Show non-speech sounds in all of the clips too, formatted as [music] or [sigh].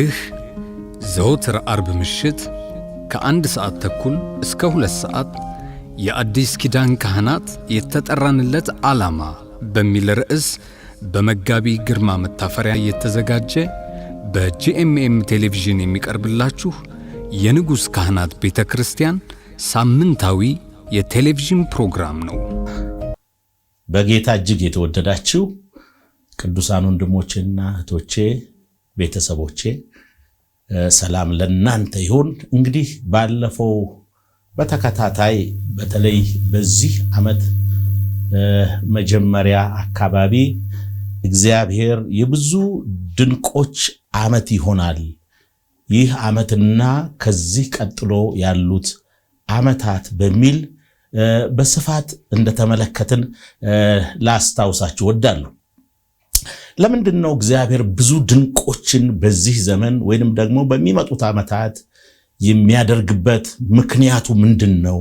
ይህ ዘወትር አርብ ምሽት ከአንድ ሰዓት ተኩል እስከ ሁለት ሰዓት የአዲስ ኪዳን ካህናት የተጠራንለት ዓላማ በሚል ርዕስ በመጋቢ ግርማ መታፈሪያ የተዘጋጀ በጂኤምኤም ቴሌቪዥን የሚቀርብላችሁ የንጉሥ ካህናት ቤተ ክርስቲያን ሳምንታዊ የቴሌቪዥን ፕሮግራም ነው። በጌታ እጅግ የተወደዳችሁ ቅዱሳን ወንድሞቼና እህቶቼ ቤተሰቦቼ ሰላም ለእናንተ ይሁን። እንግዲህ ባለፈው በተከታታይ በተለይ በዚህ ዓመት መጀመሪያ አካባቢ እግዚአብሔር የብዙ ድንቆች ዓመት ይሆናል፣ ይህ ዓመትና ከዚህ ቀጥሎ ያሉት ዓመታት በሚል በስፋት እንደተመለከትን ላስታውሳችሁ ወዳለሁ። ለምንድን ነው እግዚአብሔር ብዙ ድንቆችን በዚህ ዘመን ወይንም ደግሞ በሚመጡት ዓመታት የሚያደርግበት ምክንያቱ ምንድን ነው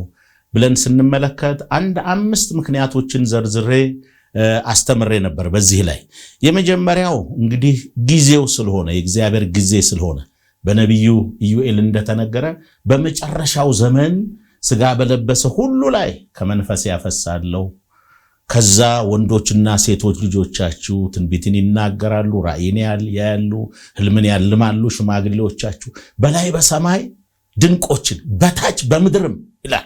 ብለን ስንመለከት አንድ አምስት ምክንያቶችን ዘርዝሬ አስተምሬ ነበር። በዚህ ላይ የመጀመሪያው እንግዲህ ጊዜው ስለሆነ የእግዚአብሔር ጊዜ ስለሆነ በነቢዩ ኢዩኤል እንደተነገረ በመጨረሻው ዘመን ስጋ በለበሰ ሁሉ ላይ ከመንፈስ ያፈሳለው? ከዛ ወንዶችና ሴቶች ልጆቻችሁ ትንቢትን ይናገራሉ፣ ራእይን ያያሉ፣ ህልምን ያልማሉ። ሽማግሌዎቻችሁ በላይ በሰማይ ድንቆችን በታች በምድርም ይላል።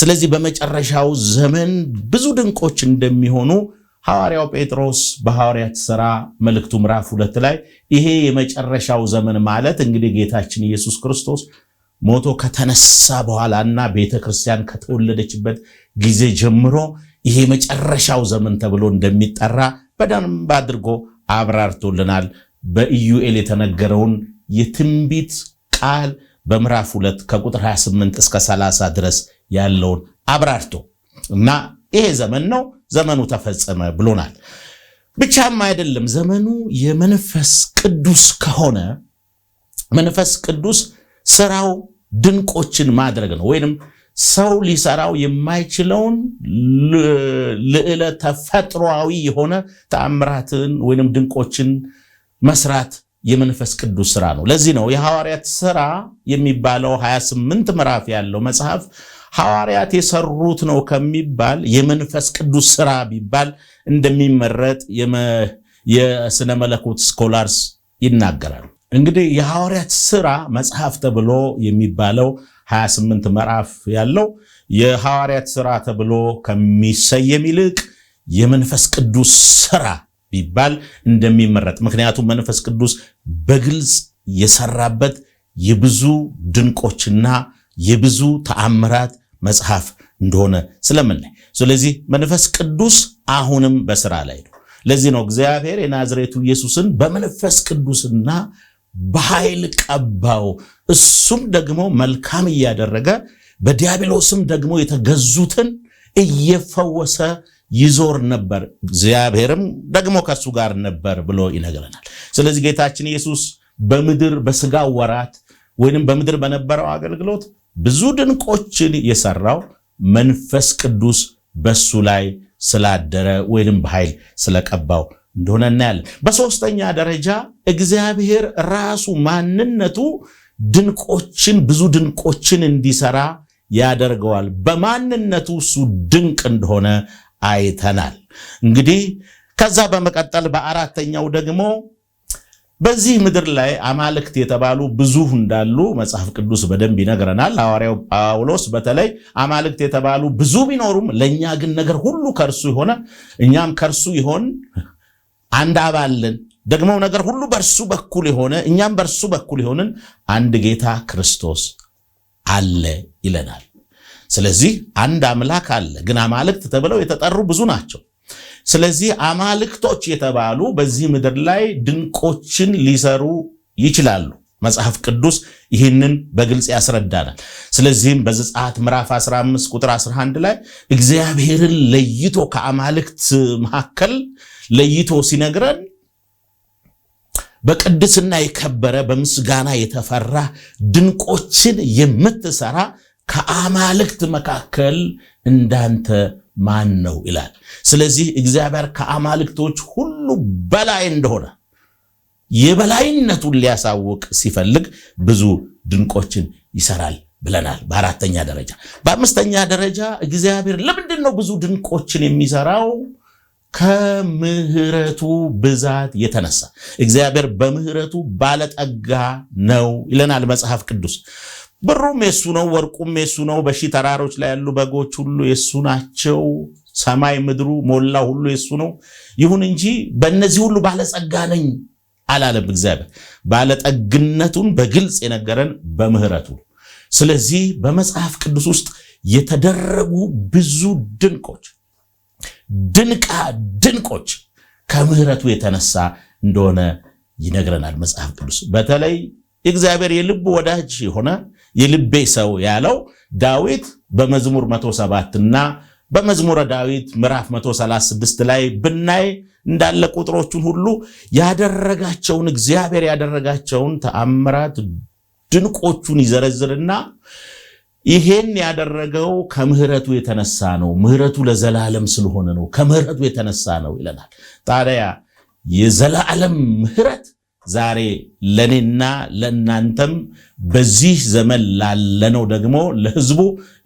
ስለዚህ በመጨረሻው ዘመን ብዙ ድንቆች እንደሚሆኑ ሐዋርያው ጴጥሮስ በሐዋርያት ሥራ መልእክቱ ምዕራፍ ሁለት ላይ ይሄ የመጨረሻው ዘመን ማለት እንግዲህ ጌታችን ኢየሱስ ክርስቶስ ሞቶ ከተነሳ በኋላና ቤተ ክርስቲያን ከተወለደችበት ጊዜ ጀምሮ ይሄ መጨረሻው ዘመን ተብሎ እንደሚጠራ በደንብ አድርጎ አብራርቶልናል። በኢዩኤል የተነገረውን የትንቢት ቃል በምዕራፍ ሁለት ከቁጥር 28 እስከ 30 ድረስ ያለውን አብራርቶ እና ይሄ ዘመን ነው ዘመኑ ተፈጸመ ብሎናል። ብቻም አይደለም ዘመኑ የመንፈስ ቅዱስ ከሆነ መንፈስ ቅዱስ ስራው ድንቆችን ማድረግ ነው ወይንም ሰው ሊሰራው የማይችለውን ልዕለ ተፈጥሯዊ የሆነ ተአምራትን ወይም ድንቆችን መስራት የመንፈስ ቅዱስ ስራ ነው። ለዚህ ነው የሐዋርያት ስራ የሚባለው 28 ምዕራፍ ያለው መጽሐፍ ሐዋርያት የሰሩት ነው ከሚባል የመንፈስ ቅዱስ ስራ ቢባል እንደሚመረጥ የስነ መለኮት ስኮላርስ ይናገራሉ። እንግዲህ የሐዋርያት ስራ መጽሐፍ ተብሎ የሚባለው 28 ምዕራፍ ያለው የሐዋርያት ሥራ ተብሎ ከሚሰየም ይልቅ የመንፈስ ቅዱስ ሥራ ቢባል እንደሚመረጥ። ምክንያቱም መንፈስ ቅዱስ በግልጽ የሰራበት የብዙ ድንቆችና የብዙ ተአምራት መጽሐፍ እንደሆነ ስለምናይ፣ ስለዚህ መንፈስ ቅዱስ አሁንም በስራ ላይ ነው። ለዚህ ነው እግዚአብሔር የናዝሬቱ ኢየሱስን በመንፈስ ቅዱስና በኃይል ቀባው። እሱም ደግሞ መልካም እያደረገ በዲያብሎስም ደግሞ የተገዙትን እየፈወሰ ይዞር ነበር፣ እግዚአብሔርም ደግሞ ከእሱ ጋር ነበር ብሎ ይነግረናል። ስለዚህ ጌታችን ኢየሱስ በምድር በስጋ ወራት ወይንም በምድር በነበረው አገልግሎት ብዙ ድንቆችን የሰራው መንፈስ ቅዱስ በሱ ላይ ስላደረ ወይንም በኃይል ስለቀባው እንደሆነ እናያለን። በሶስተኛ ደረጃ እግዚአብሔር ራሱ ማንነቱ ድንቆችን ብዙ ድንቆችን እንዲሰራ ያደርገዋል። በማንነቱ እሱ ድንቅ እንደሆነ አይተናል። እንግዲህ ከዛ በመቀጠል በአራተኛው ደግሞ በዚህ ምድር ላይ አማልክት የተባሉ ብዙ እንዳሉ መጽሐፍ ቅዱስ በደንብ ይነግረናል። ሐዋርያው ጳውሎስ በተለይ አማልክት የተባሉ ብዙ ቢኖሩም ለእኛ ግን ነገር ሁሉ ከእርሱ የሆነ እኛም ከእርሱ ይሆን አንድ አባልን ደግሞ ነገር ሁሉ በእርሱ በኩል የሆነ እኛም በእርሱ በኩል የሆንን አንድ ጌታ ክርስቶስ አለ ይለናል። ስለዚህ አንድ አምላክ አለ። ግን አማልክት ተብለው የተጠሩ ብዙ ናቸው። ስለዚህ አማልክቶች የተባሉ በዚህ ምድር ላይ ድንቆችን ሊሰሩ ይችላሉ። መጽሐፍ ቅዱስ ይህንን በግልጽ ያስረዳናል። ስለዚህም በዘጸአት ምዕራፍ 15 ቁጥር 11 ላይ እግዚአብሔርን ለይቶ ከአማልክት መካከል ለይቶ ሲነግረን በቅድስና የከበረ በምስጋና የተፈራ ድንቆችን የምትሰራ ከአማልክት መካከል እንዳንተ ማን ነው ይላል። ስለዚህ እግዚአብሔር ከአማልክቶች ሁሉ በላይ እንደሆነ የበላይነቱን ሊያሳውቅ ሲፈልግ ብዙ ድንቆችን ይሰራል ብለናል። በአራተኛ ደረጃ በአምስተኛ ደረጃ እግዚአብሔር ለምንድን ነው ብዙ ድንቆችን የሚሰራው? ከምህረቱ ብዛት የተነሳ እግዚአብሔር በምህረቱ ባለጠጋ ነው ይለናል መጽሐፍ ቅዱስ። ብሩም የሱ ነው፣ ወርቁም የሱ ነው። በሺ ተራሮች ላይ ያሉ በጎች ሁሉ የሱ ናቸው። ሰማይ ምድሩ ሞላ ሁሉ የሱ ነው። ይሁን እንጂ በእነዚህ ሁሉ ባለጸጋ ነኝ አላለም እግዚአብሔር። ባለጠግነቱን በግልጽ የነገረን በምህረቱ ስለዚህ በመጽሐፍ ቅዱስ ውስጥ የተደረጉ ብዙ ድንቆች ድንቃ ድንቆች ከምህረቱ የተነሳ እንደሆነ ይነግረናል መጽሐፍ ቅዱስ። በተለይ እግዚአብሔር የልብ ወዳጅ የሆነ የልቤ ሰው ያለው ዳዊት በመዝሙር 107 እና በመዝሙረ ዳዊት ምዕራፍ 136 ላይ ብናይ እንዳለ ቁጥሮቹን ሁሉ ያደረጋቸውን እግዚአብሔር ያደረጋቸውን ተአምራት ድንቆቹን ይዘረዝርና ይሄን ያደረገው ከምህረቱ የተነሳ ነው። ምህረቱ ለዘላለም ስለሆነ ነው። ከምህረቱ የተነሳ ነው ይለናል። ታዲያ የዘላለም ምህረት ዛሬ ለእኔና ለእናንተም በዚህ ዘመን ላለነው ደግሞ ለህዝቡ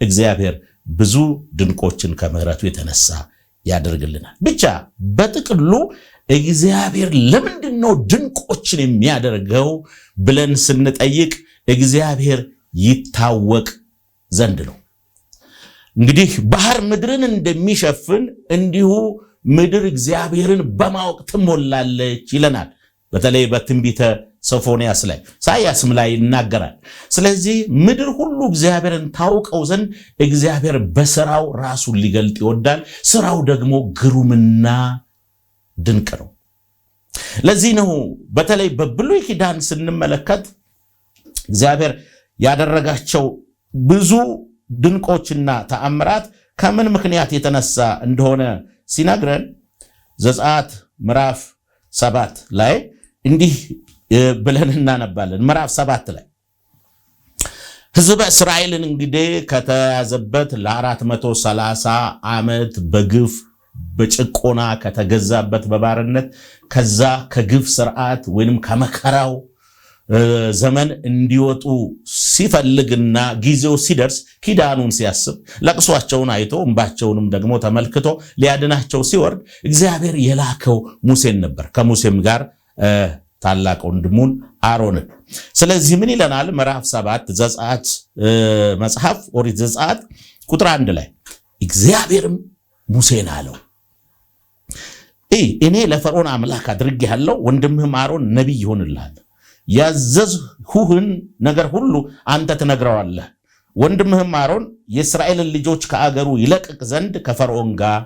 እግዚአብሔር ብዙ ድንቆችን ከምህረቱ የተነሳ ያደርግልናል። ብቻ በጥቅሉ እግዚአብሔር ለምንድን ነው ድንቆችን የሚያደርገው ብለን ስንጠይቅ እግዚአብሔር ይታወቅ ዘንድ ነው። እንግዲህ ባህር ምድርን እንደሚሸፍን እንዲሁ ምድር እግዚአብሔርን በማወቅ ትሞላለች ይለናል። በተለይ በትንቢተ ሶፎንያስ ላይ ሳያስም ላይ ይናገራል። ስለዚህ ምድር ሁሉ እግዚአብሔርን ታውቀው ዘንድ እግዚአብሔር በስራው ራሱን ሊገልጥ ይወዳል። ስራው ደግሞ ግሩምና ድንቅ ነው። ለዚህ ነው በተለይ በብሉይ ኪዳን ስንመለከት እግዚአብሔር ያደረጋቸው ብዙ ድንቆችና ተአምራት ከምን ምክንያት የተነሳ እንደሆነ ሲነግረን ዘጸአት ምዕራፍ ሰባት ላይ እንዲህ ብለን እናነባለን። ምዕራፍ ሰባት ላይ ሕዝበ እስራኤልን እንግዲህ ከተያዘበት ለ430 ዓመት በግፍ በጭቆና ከተገዛበት በባርነት ከዛ ከግፍ ስርዓት ወይንም ከመከራው ዘመን እንዲወጡ ሲፈልግና ጊዜው ሲደርስ ኪዳኑን ሲያስብ ለቅሷቸውን አይቶ እንባቸውንም ደግሞ ተመልክቶ ሊያድናቸው ሲወርድ እግዚአብሔር የላከው ሙሴን ነበር፣ ከሙሴም ጋር ታላቅ ወንድሙን አሮንን። ስለዚህ ምን ይለናል? ምዕራፍ ሰባት ዘጸአት መጽሐፍ ኦሪት ዘጸአት ቁጥር አንድ ላይ እግዚአብሔርም ሙሴን አለው እኔ ለፈርዖን አምላክ ያለው ወንድምህም አሮን ነቢይ ይሆንልሃል ያዘዝሁህን ነገር ሁሉ አንተ ትነግረዋለህ። ወንድምህም አሮን የእስራኤልን ልጆች ከአገሩ ይለቅቅ ዘንድ ከፈርዖን ጋር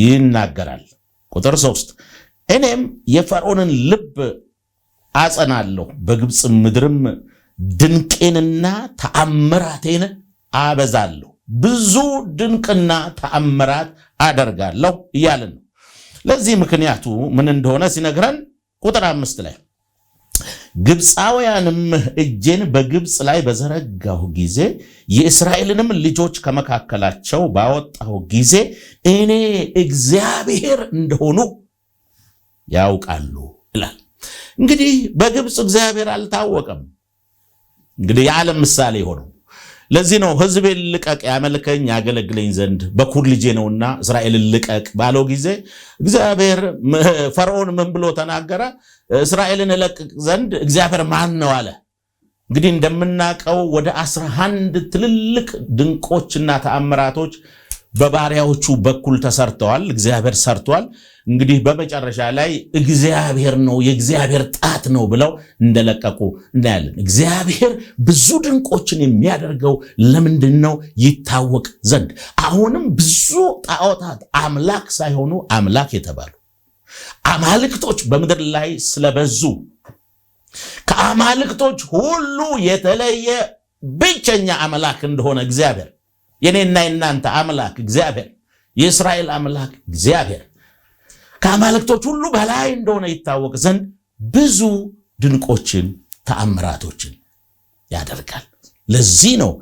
ይናገራል። ቁጥር ሶስት እኔም የፈርዖንን ልብ አጸናለሁ፣ በግብፅ ምድርም ድንቄንና ተአምራቴን አበዛለሁ፣ ብዙ ድንቅና ተአምራት አደርጋለሁ እያልን ነው። ለዚህ ምክንያቱ ምን እንደሆነ ሲነግረን ቁጥር አምስት ላይ ግብፃውያንም እጄን በግብፅ ላይ በዘረጋሁ ጊዜ የእስራኤልንም ልጆች ከመካከላቸው ባወጣሁ ጊዜ እኔ እግዚአብሔር እንደሆኑ ያውቃሉ ይላል። እንግዲህ በግብፅ እግዚአብሔር አልታወቀም። እንግዲህ የዓለም ምሳሌ የሆነ ለዚህ ነው ሕዝቤን ልቀቅ ያመልከኝ ያገለግለኝ ዘንድ በኩር ልጄ ነውና እስራኤልን ልቀቅ ባለው ጊዜ እግዚአብሔር ፈርዖን ምን ብሎ ተናገረ? እስራኤልን እለቅቅ ዘንድ እግዚአብሔር ማን ነው አለ። እንግዲህ እንደምናውቀው ወደ አስራ አንድ ትልልቅ ድንቆችና ተአምራቶች በባሪያዎቹ በኩል ተሰርተዋል። እግዚአብሔር ሰርቷል። እንግዲህ በመጨረሻ ላይ እግዚአብሔር ነው የእግዚአብሔር ጣት ነው ብለው እንደለቀቁ እናያለን። እግዚአብሔር ብዙ ድንቆችን የሚያደርገው ለምንድን ነው? ይታወቅ ዘንድ አሁንም ብዙ ጣዖታት አምላክ ሳይሆኑ አምላክ የተባሉ አማልክቶች በምድር ላይ ስለበዙ ከአማልክቶች ሁሉ የተለየ ብቸኛ አምላክ እንደሆነ እግዚአብሔር የኔና የናንተ አምላክ እግዚአብሔር የእስራኤል አምላክ እግዚአብሔር ከአማልክቶች ሁሉ በላይ እንደሆነ ይታወቅ ዘንድ ብዙ ድንቆችን ተአምራቶችን ያደርጋል። ለዚህ ነው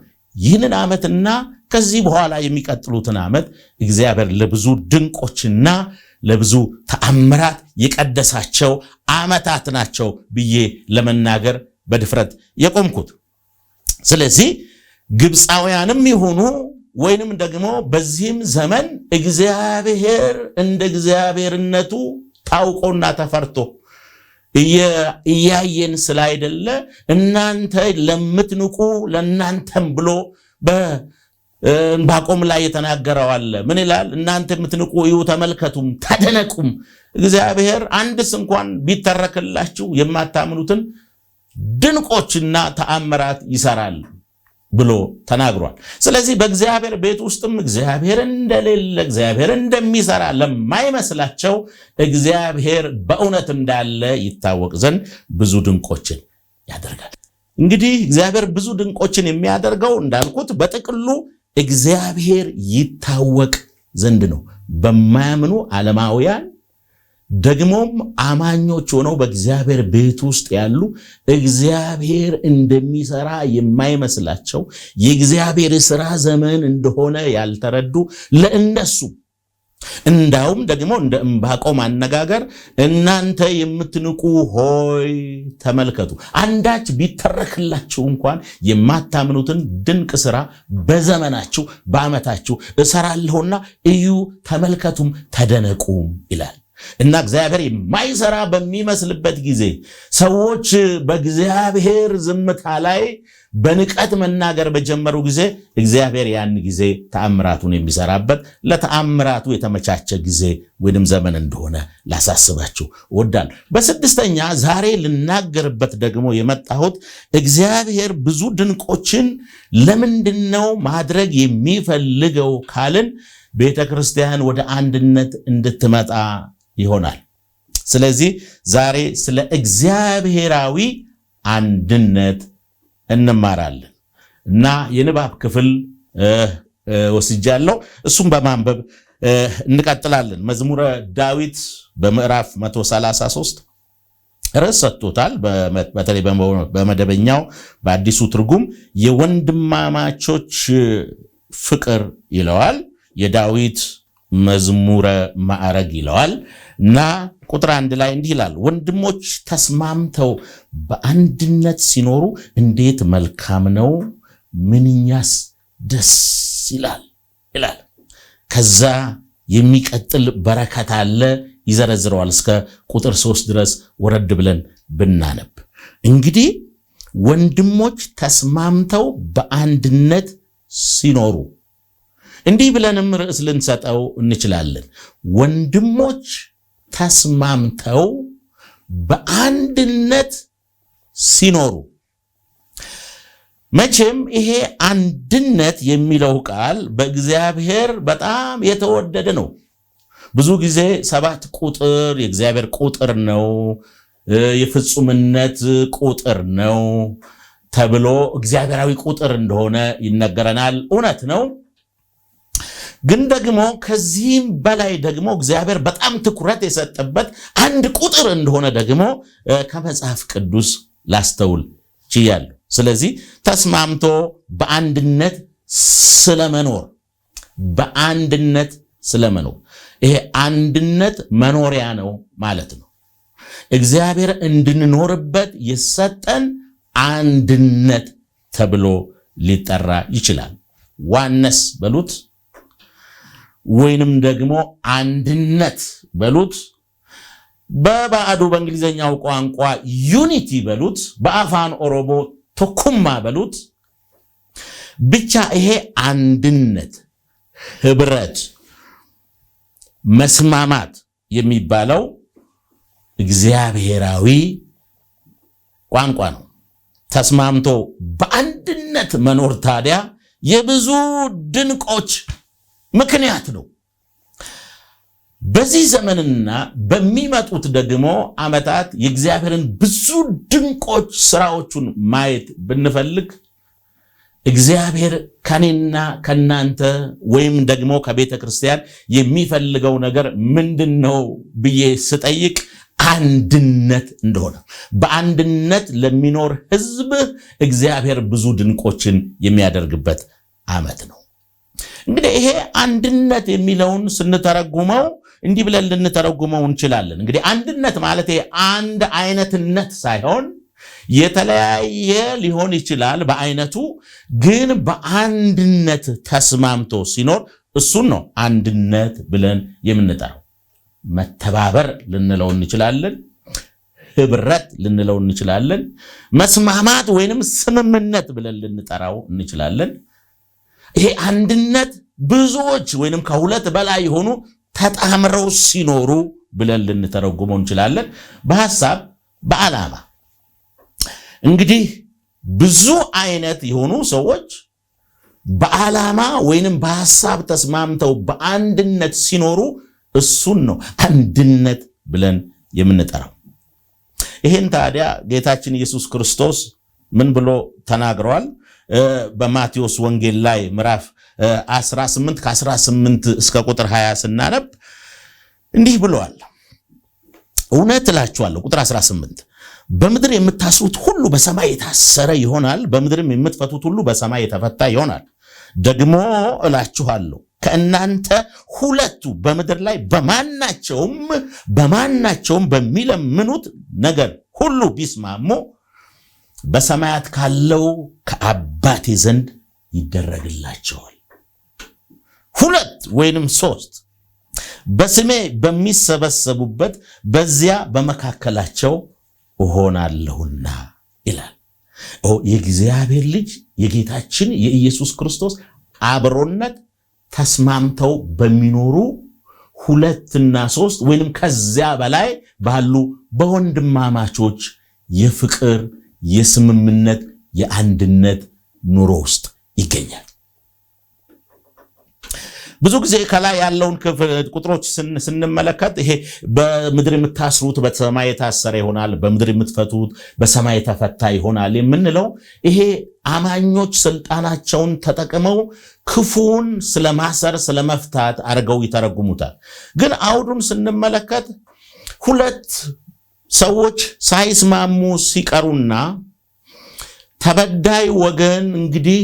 ይህንን ዓመትና ከዚህ በኋላ የሚቀጥሉትን ዓመት እግዚአብሔር ለብዙ ድንቆችና ለብዙ ተአምራት የቀደሳቸው ዓመታት ናቸው ብዬ ለመናገር በድፍረት የቆምኩት። ስለዚህ ግብፃውያንም ይሁኑ ወይንም ደግሞ በዚህም ዘመን እግዚአብሔር እንደ እግዚአብሔርነቱ ታውቆና ተፈርቶ እያየን ስላይደለ እናንተ ለምትንቁ ለእናንተም ብሎ ዕንባቆም ላይ የተናገረው አለ። ምን ይላል? እናንተ የምትንቁ እዩ፣ ተመልከቱም፣ ተደነቁም። እግዚአብሔር አንድስ እንኳን ቢተረክላችሁ የማታምኑትን ድንቆችና ተአምራት ይሰራል ብሎ ተናግሯል። ስለዚህ በእግዚአብሔር ቤት ውስጥም እግዚአብሔር እንደሌለ እግዚአብሔር እንደሚሰራ ለማይመስላቸው እግዚአብሔር በእውነት እንዳለ ይታወቅ ዘንድ ብዙ ድንቆችን ያደርጋል። እንግዲህ እግዚአብሔር ብዙ ድንቆችን የሚያደርገው እንዳልኩት በጥቅሉ እግዚአብሔር ይታወቅ ዘንድ ነው። በማያምኑ ዓለማውያን ደግሞም አማኞች ሆነው በእግዚአብሔር ቤት ውስጥ ያሉ እግዚአብሔር እንደሚሰራ የማይመስላቸው የእግዚአብሔር ስራ ዘመን እንደሆነ ያልተረዱ ለእነሱ እንዳውም ደግሞ እንደ እምባቆም አነጋገር እናንተ የምትንቁ ሆይ ተመልከቱ፣ አንዳች ቢተረክላችሁ እንኳን የማታምኑትን ድንቅ ስራ በዘመናችሁ በዓመታችሁ እሰራለሁና እዩ፣ ተመልከቱም ተደነቁም ይላል። እና እግዚአብሔር የማይሰራ በሚመስልበት ጊዜ ሰዎች በእግዚአብሔር ዝምታ ላይ በንቀት መናገር በጀመሩ ጊዜ እግዚአብሔር ያን ጊዜ ተአምራቱን የሚሰራበት ለተአምራቱ የተመቻቸ ጊዜ ወይም ዘመን እንደሆነ ላሳስባችሁ እወዳለሁ። በስድስተኛ ዛሬ ልናገርበት ደግሞ የመጣሁት እግዚአብሔር ብዙ ድንቆችን ለምንድነው ማድረግ የሚፈልገው ካልን ቤተ ክርስቲያን ወደ አንድነት እንድትመጣ ይሆናል። ስለዚህ ዛሬ ስለ እግዚአብሔራዊ አንድነት እንማራለን እና የንባብ ክፍል ወስጃለሁ። እሱም በማንበብ እንቀጥላለን። መዝሙረ ዳዊት በምዕራፍ 133 ርዕስ ሰጥቶታል። በተለይ በመደበኛው በአዲሱ ትርጉም የወንድማማቾች ፍቅር ይለዋል። የዳዊት መዝሙረ ማዕረግ ይለዋል እና ቁጥር አንድ ላይ እንዲህ ይላል፣ ወንድሞች ተስማምተው በአንድነት ሲኖሩ እንዴት መልካም ነው፣ ምንኛስ ደስ ይላል ይላል። ከዛ የሚቀጥል በረከት አለ ይዘረዝረዋል። እስከ ቁጥር ሶስት ድረስ ወረድ ብለን ብናነብ እንግዲህ ወንድሞች ተስማምተው በአንድነት ሲኖሩ እንዲህ ብለንም ርዕስ ልንሰጠው እንችላለን። ወንድሞች ተስማምተው በአንድነት ሲኖሩ። መቼም ይሄ አንድነት የሚለው ቃል በእግዚአብሔር በጣም የተወደደ ነው። ብዙ ጊዜ ሰባት ቁጥር የእግዚአብሔር ቁጥር ነው፣ የፍጹምነት ቁጥር ነው ተብሎ እግዚአብሔራዊ ቁጥር እንደሆነ ይነገረናል። እውነት ነው። ግን ደግሞ ከዚህም በላይ ደግሞ እግዚአብሔር በጣም ትኩረት የሰጠበት አንድ ቁጥር እንደሆነ ደግሞ ከመጽሐፍ ቅዱስ ላስተውል ችያለሁ። ስለዚህ ተስማምቶ በአንድነት ስለመኖር በአንድነት ስለመኖር ይሄ አንድነት መኖሪያ ነው ማለት ነው። እግዚአብሔር እንድንኖርበት የሰጠን አንድነት ተብሎ ሊጠራ ይችላል። ዋነስ በሉት ወይንም ደግሞ አንድነት በሉት፣ በባዕዱ በእንግሊዝኛው ቋንቋ ዩኒቲ በሉት፣ በአፋን ኦሮሞ ቶኩማ በሉት። ብቻ ይሄ አንድነት፣ ህብረት፣ መስማማት የሚባለው እግዚአብሔራዊ ቋንቋ ነው። ተስማምቶ በአንድነት መኖር ታዲያ የብዙ ድንቆች ምክንያት ነው። በዚህ ዘመንና በሚመጡት ደግሞ ዓመታት የእግዚአብሔርን ብዙ ድንቆች ስራዎቹን ማየት ብንፈልግ እግዚአብሔር ከኔና ከናንተ ወይም ደግሞ ከቤተ ክርስቲያን የሚፈልገው ነገር ምንድን ነው ብዬ ስጠይቅ አንድነት እንደሆነ በአንድነት ለሚኖር ህዝብ እግዚአብሔር ብዙ ድንቆችን የሚያደርግበት ዓመት ነው። እንግዲህ ይሄ አንድነት የሚለውን ስንተረጉመው እንዲህ ብለን ልንተረጉመው እንችላለን። እንግዲህ አንድነት ማለት አንድ አይነትነት ሳይሆን የተለያየ ሊሆን ይችላል በአይነቱ ግን በአንድነት ተስማምቶ ሲኖር እሱን ነው አንድነት ብለን የምንጠራው። መተባበር ልንለው እንችላለን፣ ህብረት ልንለው እንችላለን፣ መስማማት ወይንም ስምምነት ብለን ልንጠራው እንችላለን። ይሄ አንድነት ብዙዎች ወይንም ከሁለት በላይ የሆኑ ተጣምረው ሲኖሩ ብለን ልንተረጉመው እንችላለን። በሀሳብ በዓላማ እንግዲህ ብዙ አይነት የሆኑ ሰዎች በዓላማ ወይንም በሀሳብ ተስማምተው በአንድነት ሲኖሩ እሱን ነው አንድነት ብለን የምንጠራው። ይህን ታዲያ ጌታችን ኢየሱስ ክርስቶስ ምን ብሎ ተናግረዋል? በማቴዎስ ወንጌል ላይ ምዕራፍ 18 ከ18 እስከ ቁጥር 20 ስናነብ እንዲህ ብለዋል። እውነት እላችኋለሁ፣ ቁጥር 18 በምድር የምታስሩት ሁሉ በሰማይ የታሰረ ይሆናል፣ በምድርም የምትፈቱት ሁሉ በሰማይ የተፈታ ይሆናል። ደግሞ እላችኋለሁ ከእናንተ ሁለቱ በምድር ላይ በማናቸውም በማናቸውም በሚለምኑት ነገር ሁሉ ቢስማሙ በሰማያት ካለው ከአባቴ ዘንድ ይደረግላቸዋል። ሁለት ወይንም ሶስት በስሜ በሚሰበሰቡበት በዚያ በመካከላቸው እሆናለሁና ይላል። የእግዚአብሔር ልጅ የጌታችን የኢየሱስ ክርስቶስ አብሮነት ተስማምተው በሚኖሩ ሁለትና ሶስት ወይንም ከዚያ በላይ ባሉ በወንድማማቾች የፍቅር የስምምነት የአንድነት ኑሮ ውስጥ ይገኛል። ብዙ ጊዜ ከላይ ያለውን ቁጥሮች ስንመለከት ይሄ በምድር የምታስሩት በሰማይ የታሰረ ይሆናል፣ በምድር የምትፈቱት በሰማይ የተፈታ ይሆናል የምንለው ይሄ አማኞች ስልጣናቸውን ተጠቅመው ክፉውን ስለማሰር ስለመፍታት አድርገው ይተረጉሙታል። ግን አውዱን ስንመለከት ሁለት ሰዎች ሳይስማሙ ሲቀሩና ተበዳይ ወገን እንግዲህ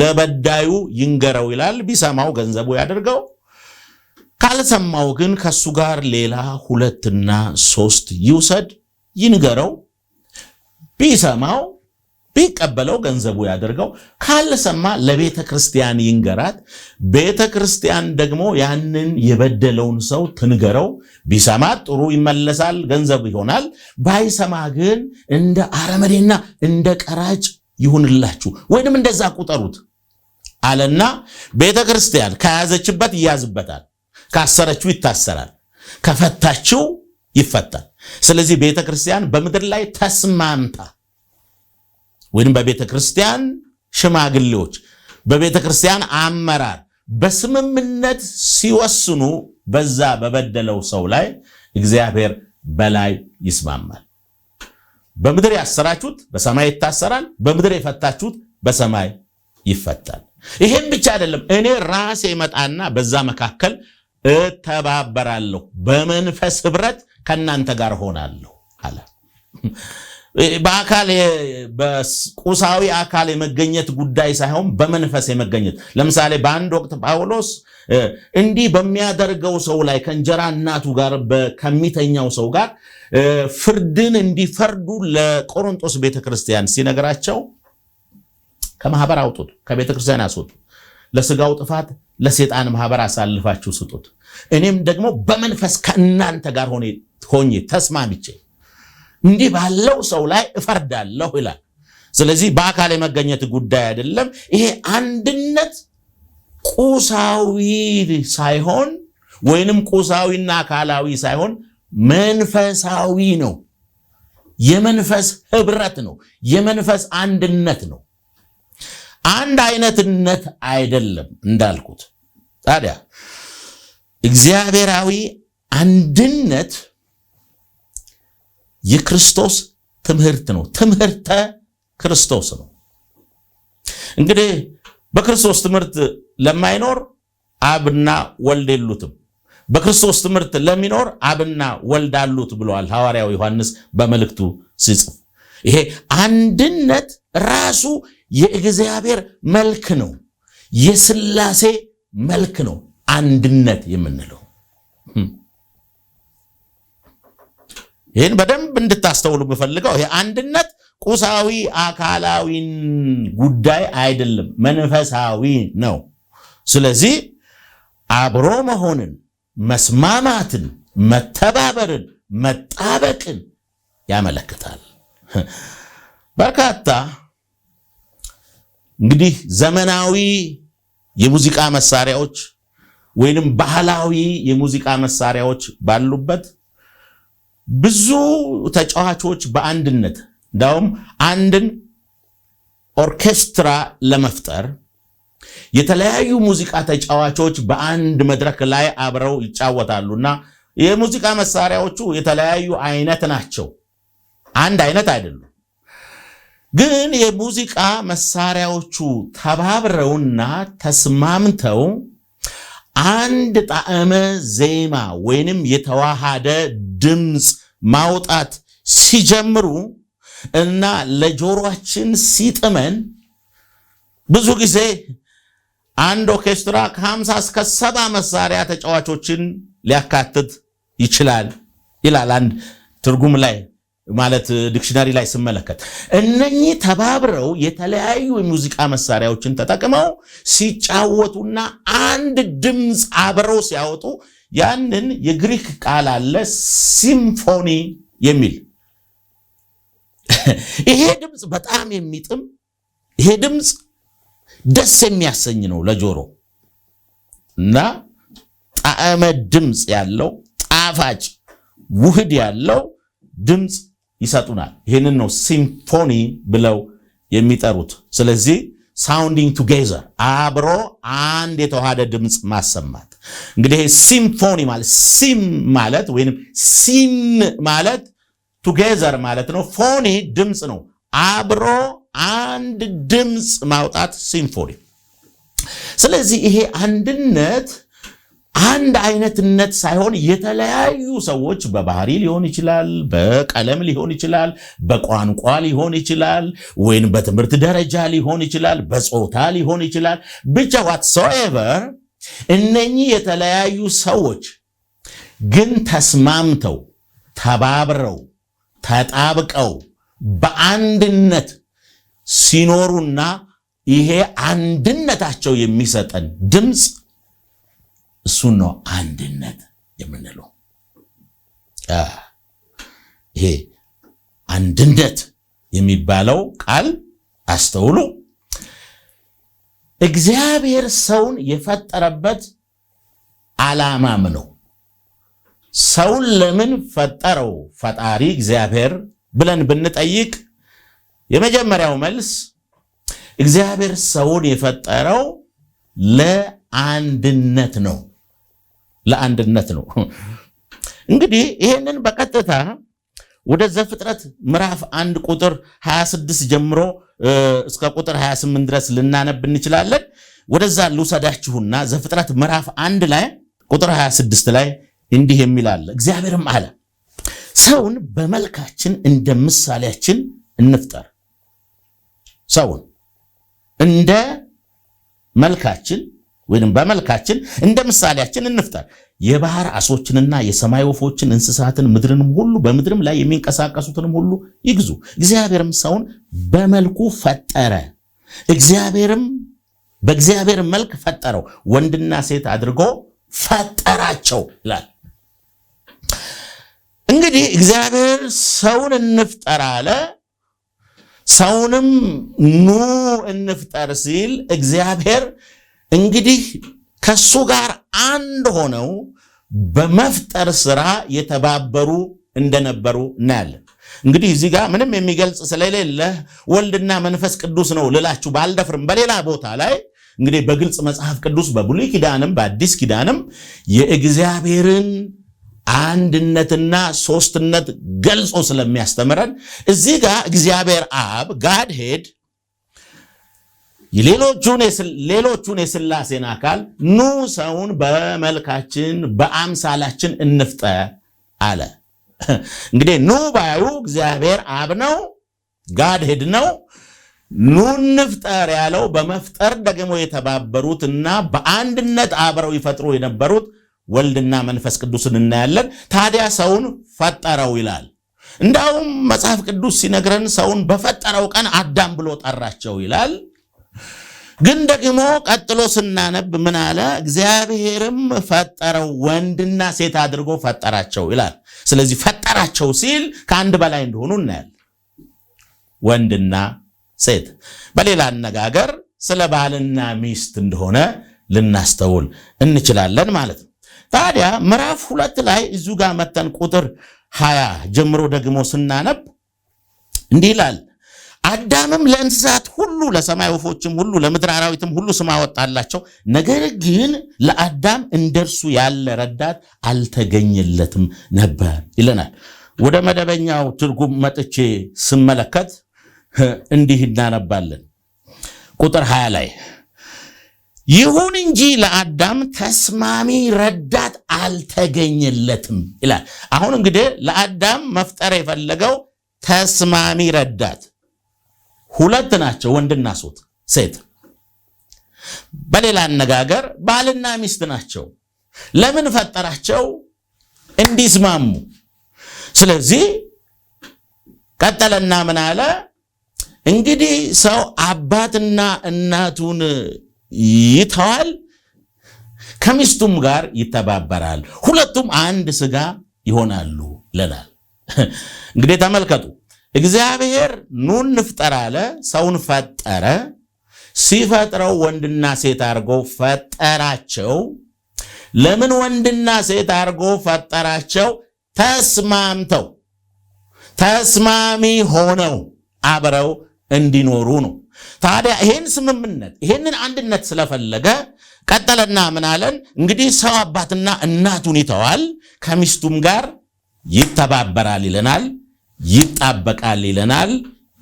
ለበዳዩ ይንገረው ይላል። ቢሰማው ገንዘቡ ያደርገው፣ ካልሰማው ግን ከሱ ጋር ሌላ ሁለትና ሶስት ይውሰድ፣ ይንገረው። ቢሰማው ቢቀበለው ገንዘቡ ያደርገው፣ ካልሰማ ለቤተ ክርስቲያን ይንገራት። ቤተ ክርስቲያን ደግሞ ያንን የበደለውን ሰው ትንገረው። ቢሰማት ጥሩ ይመለሳል፣ ገንዘብ ይሆናል። ባይሰማ ግን እንደ አረመዴና እንደ ቀራጭ ይሁንላችሁ፣ ወይንም እንደዛ ቁጠሩት አለና ቤተ ክርስቲያን ከያዘችበት ይያዝበታል፣ ካሰረችው ይታሰራል፣ ከፈታችው ይፈታል። ስለዚህ ቤተ ክርስቲያን በምድር ላይ ተስማምታ ወይም በቤተ ክርስቲያን ሽማግሌዎች፣ በቤተ ክርስቲያን አመራር በስምምነት ሲወስኑ በዛ በበደለው ሰው ላይ እግዚአብሔር በላይ ይስማማል። በምድር ያሰራችሁት በሰማይ ይታሰራል፣ በምድር የፈታችሁት በሰማይ ይፈታል። ይሄን ብቻ አይደለም፣ እኔ ራሴ መጣና በዛ መካከል እተባበራለሁ፣ በመንፈስ ህብረት ከእናንተ ጋር ሆናለሁ አለ። በአካል በቁሳዊ አካል የመገኘት ጉዳይ ሳይሆን በመንፈስ የመገኘት ለምሳሌ በአንድ ወቅት ጳውሎስ እንዲህ በሚያደርገው ሰው ላይ ከእንጀራ እናቱ ጋር ከሚተኛው ሰው ጋር ፍርድን እንዲፈርዱ ለቆሮንጦስ ቤተክርስቲያን ሲነግራቸው ከማህበር አውጡት፣ ከቤተክርስቲያን አስወጡ፣ ለስጋው ጥፋት ለሴጣን ማህበር አሳልፋችሁ ስጡት፣ እኔም ደግሞ በመንፈስ ከእናንተ ጋር ሆኜ ተስማምቼ እንዲህ ባለው ሰው ላይ እፈርዳለሁ ይላል። ስለዚህ በአካል የመገኘት ጉዳይ አይደለም። ይሄ አንድነት ቁሳዊ ሳይሆን ወይንም ቁሳዊና አካላዊ ሳይሆን መንፈሳዊ ነው። የመንፈስ ህብረት ነው። የመንፈስ አንድነት ነው። አንድ አይነትነት አይደለም እንዳልኩት። ታዲያ እግዚአብሔራዊ አንድነት የክርስቶስ ትምህርት ነው። ትምህርተ ክርስቶስ ነው። እንግዲህ በክርስቶስ ትምህርት ለማይኖር አብና ወልድ የሉትም። በክርስቶስ ትምህርት ለሚኖር አብና ወልድ አሉት ብለዋል ሐዋርያው ዮሐንስ በመልእክቱ ሲጽፍ። ይሄ አንድነት ራሱ የእግዚአብሔር መልክ ነው፣ የስላሴ መልክ ነው አንድነት የምንለው ይህን በደንብ እንድታስተውሉ የምፈልገው የአንድነት አንድነት ቁሳዊ አካላዊን ጉዳይ አይደለም፣ መንፈሳዊ ነው። ስለዚህ አብሮ መሆንን፣ መስማማትን፣ መተባበርን፣ መጣበቅን ያመለክታል። በርካታ እንግዲህ ዘመናዊ የሙዚቃ መሳሪያዎች ወይንም ባህላዊ የሙዚቃ መሳሪያዎች ባሉበት ብዙ ተጫዋቾች በአንድነት እንዳውም አንድን ኦርኬስትራ ለመፍጠር የተለያዩ ሙዚቃ ተጫዋቾች በአንድ መድረክ ላይ አብረው ይጫወታሉ እና የሙዚቃ መሳሪያዎቹ የተለያዩ አይነት ናቸው። አንድ አይነት አይደሉም። ግን የሙዚቃ መሳሪያዎቹ ተባብረውና ተስማምተው አንድ ጣዕመ ዜማ ወይንም የተዋሃደ ድምፅ ማውጣት ሲጀምሩ እና ለጆሮችን ሲጥመን ብዙ ጊዜ አንድ ኦርኬስትራ ከ50 እስከ ሰባ መሳሪያ ተጫዋቾችን ሊያካትት ይችላል ይላል አንድ ትርጉም ላይ ማለት ዲክሽነሪ ላይ ስመለከት እነኚህ ተባብረው የተለያዩ የሙዚቃ መሳሪያዎችን ተጠቅመው ሲጫወቱና አንድ ድምፅ አብረው ሲያወጡ ያንን የግሪክ ቃል አለ ሲምፎኒ የሚል [laughs] ይሄ ድምፅ በጣም የሚጥም ይሄ ድምፅ ደስ የሚያሰኝ ነው ለጆሮ እና ጣዕመ ድምፅ ያለው ጣፋጭ ውህድ ያለው ድምፅ ይሰጡናል። ይህንን ነው ሲምፎኒ ብለው የሚጠሩት። ስለዚህ ሳውንዲንግ ቱጌዘር አብሮ አንድ የተዋሃደ ድምፅ ማሰማት። እንግዲህ ሲምፎኒ ማለት ሲም ማለት ወይም ሲም ማለት ቱጌዘር ማለት ነው። ፎኒ ድምፅ ነው። አብሮ አንድ ድምፅ ማውጣት ሲምፎኒ። ስለዚህ ይሄ አንድነት አንድ አይነትነት ሳይሆን የተለያዩ ሰዎች በባህሪ ሊሆን ይችላል፣ በቀለም ሊሆን ይችላል፣ በቋንቋ ሊሆን ይችላል፣ ወይም በትምህርት ደረጃ ሊሆን ይችላል፣ በጾታ ሊሆን ይችላል። ብቻ ዋትሶኤቨር እነኚህ የተለያዩ ሰዎች ግን ተስማምተው ተባብረው ተጣብቀው በአንድነት ሲኖሩና ይሄ አንድነታቸው የሚሰጠን ድምፅ እሱን ነው አንድነት የምንለው። ይሄ አንድነት የሚባለው ቃል አስተውሉ። እግዚአብሔር ሰውን የፈጠረበት ዓላማም ነው። ሰውን ለምን ፈጠረው ፈጣሪ እግዚአብሔር ብለን ብንጠይቅ የመጀመሪያው መልስ እግዚአብሔር ሰውን የፈጠረው ለአንድነት ነው። ለአንድነት ነው። እንግዲህ ይህንን በቀጥታ ወደ ዘፍጥረት ምዕራፍ አንድ ቁጥር 26 ጀምሮ እስከ ቁጥር 28 ድረስ ልናነብ እንችላለን። ወደዛ ልውሰዳችሁና ዘፍጥረት ምዕራፍ አንድ ላይ ቁጥር 26 ላይ እንዲህ የሚል አለ። እግዚአብሔርም አለ ሰውን በመልካችን እንደ ምሳሌያችን እንፍጠር። ሰውን እንደ መልካችን ወይም በመልካችን እንደ ምሳሌያችን እንፍጠር። የባህር አሶችንና የሰማይ ወፎችን እንስሳትን፣ ምድርንም ሁሉ በምድርም ላይ የሚንቀሳቀሱትንም ሁሉ ይግዙ። እግዚአብሔርም ሰውን በመልኩ ፈጠረ። እግዚአብሔርም በእግዚአብሔር መልክ ፈጠረው፣ ወንድና ሴት አድርጎ ፈጠራቸው ይላል። እንግዲህ እግዚአብሔር ሰውን እንፍጠር አለ። ሰውንም ኑ እንፍጠር ሲል እግዚአብሔር እንግዲህ ከሱ ጋር አንድ ሆነው በመፍጠር ስራ የተባበሩ እንደነበሩ እናያለን። እንግዲህ እዚህ ጋር ምንም የሚገልጽ ስለሌለ ወልድና መንፈስ ቅዱስ ነው ልላችሁ ባልደፍርም፣ በሌላ ቦታ ላይ እንግዲህ በግልጽ መጽሐፍ ቅዱስ በብሉይ ኪዳንም በአዲስ ኪዳንም የእግዚአብሔርን አንድነትና ሶስትነት ገልጾ ስለሚያስተምረን እዚህ ጋር እግዚአብሔር አብ ጋድሄድ ሌሎቹን የስላሴን አካል ኑ ሰውን በመልካችን በአምሳላችን እንፍጠር አለ። እንግዲህ ኑ ባዩ እግዚአብሔር አብ ነው፣ ጋድ ሄድ ነው። ኑ እንፍጠር ያለው በመፍጠር ደግሞ የተባበሩት እና በአንድነት አብረው ይፈጥሩ የነበሩት ወልድና መንፈስ ቅዱስን እናያለን። ታዲያ ሰውን ፈጠረው ይላል። እንዳውም መጽሐፍ ቅዱስ ሲነግረን ሰውን በፈጠረው ቀን አዳም ብሎ ጠራቸው ይላል። ግን ደግሞ ቀጥሎ ስናነብ ምን አለ? እግዚአብሔርም ፈጠረው ወንድና ሴት አድርጎ ፈጠራቸው ይላል። ስለዚህ ፈጠራቸው ሲል ከአንድ በላይ እንደሆኑ እናያለን። ወንድና ሴት በሌላ አነጋገር ስለ ባልና ሚስት እንደሆነ ልናስተውል እንችላለን ማለት ነው። ታዲያ ምዕራፍ ሁለት ላይ እዚሁ ጋር መተን ቁጥር ሀያ ጀምሮ ደግሞ ስናነብ እንዲህ ይላል አዳምም ለእንስሳት ሁሉ ለሰማይ ወፎችም ሁሉ ለምድር አራዊትም ሁሉ ስም አወጣላቸው። ነገር ግን ለአዳም እንደርሱ ያለ ረዳት አልተገኘለትም ነበር ይለናል። ወደ መደበኛው ትርጉም መጥቼ ስመለከት እንዲህ እናነባለን። ቁጥር 20 ላይ ይሁን እንጂ ለአዳም ተስማሚ ረዳት አልተገኘለትም ይላል። አሁን እንግዲህ ለአዳም መፍጠር የፈለገው ተስማሚ ረዳት ሁለት ናቸው፣ ወንድና ሶት ሴት። በሌላ አነጋገር ባልና ሚስት ናቸው። ለምን ፈጠራቸው? እንዲስማሙ። ስለዚህ ቀጠለና ምን አለ? እንግዲህ ሰው አባትና እናቱን ይተዋል፣ ከሚስቱም ጋር ይተባበራል፣ ሁለቱም አንድ ስጋ ይሆናሉ ለናል። እንግዲህ ተመልከቱ እግዚአብሔር ኑን ንፍጠር አለ። ሰውን ፈጠረ። ሲፈጥረው ወንድና ሴት አድርጎ ፈጠራቸው። ለምን ወንድና ሴት አድርጎ ፈጠራቸው? ተስማምተው ተስማሚ ሆነው አብረው እንዲኖሩ ነው። ታዲያ ይህን ስምምነት ይህንን አንድነት ስለፈለገ ቀጠለና ምን አለን? እንግዲህ ሰው አባትና እናቱን ይተዋል፣ ከሚስቱም ጋር ይተባበራል ይለናል። ይጣበቃል ይለናል፣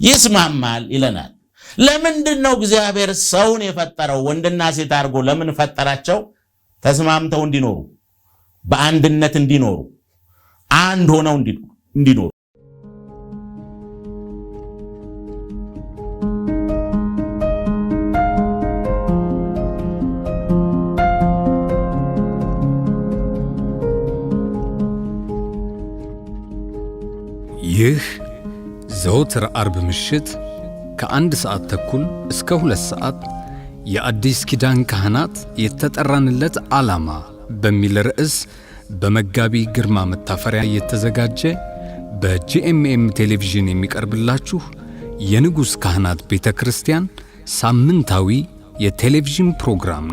ይስማማል ይለናል። ለምንድን ነው እግዚአብሔር ሰውን የፈጠረው? ወንድና ሴት አድርጎ ለምን ፈጠራቸው? ተስማምተው እንዲኖሩ፣ በአንድነት እንዲኖሩ፣ አንድ ሆነው እንዲኖሩ ዘወትር አርብ ምሽት ከአንድ ሰዓት ተኩል እስከ ሁለት ሰዓት የአዲስ ኪዳን ካህናት የተጠራንለት ዓላማ በሚል ርዕስ በመጋቢ ግርማ መታፈሪያ የተዘጋጀ በጂኤምኤም ቴሌቪዥን የሚቀርብላችሁ የንጉሥ ካህናት ቤተ ክርስቲያን ሳምንታዊ የቴሌቪዥን ፕሮግራም ነው።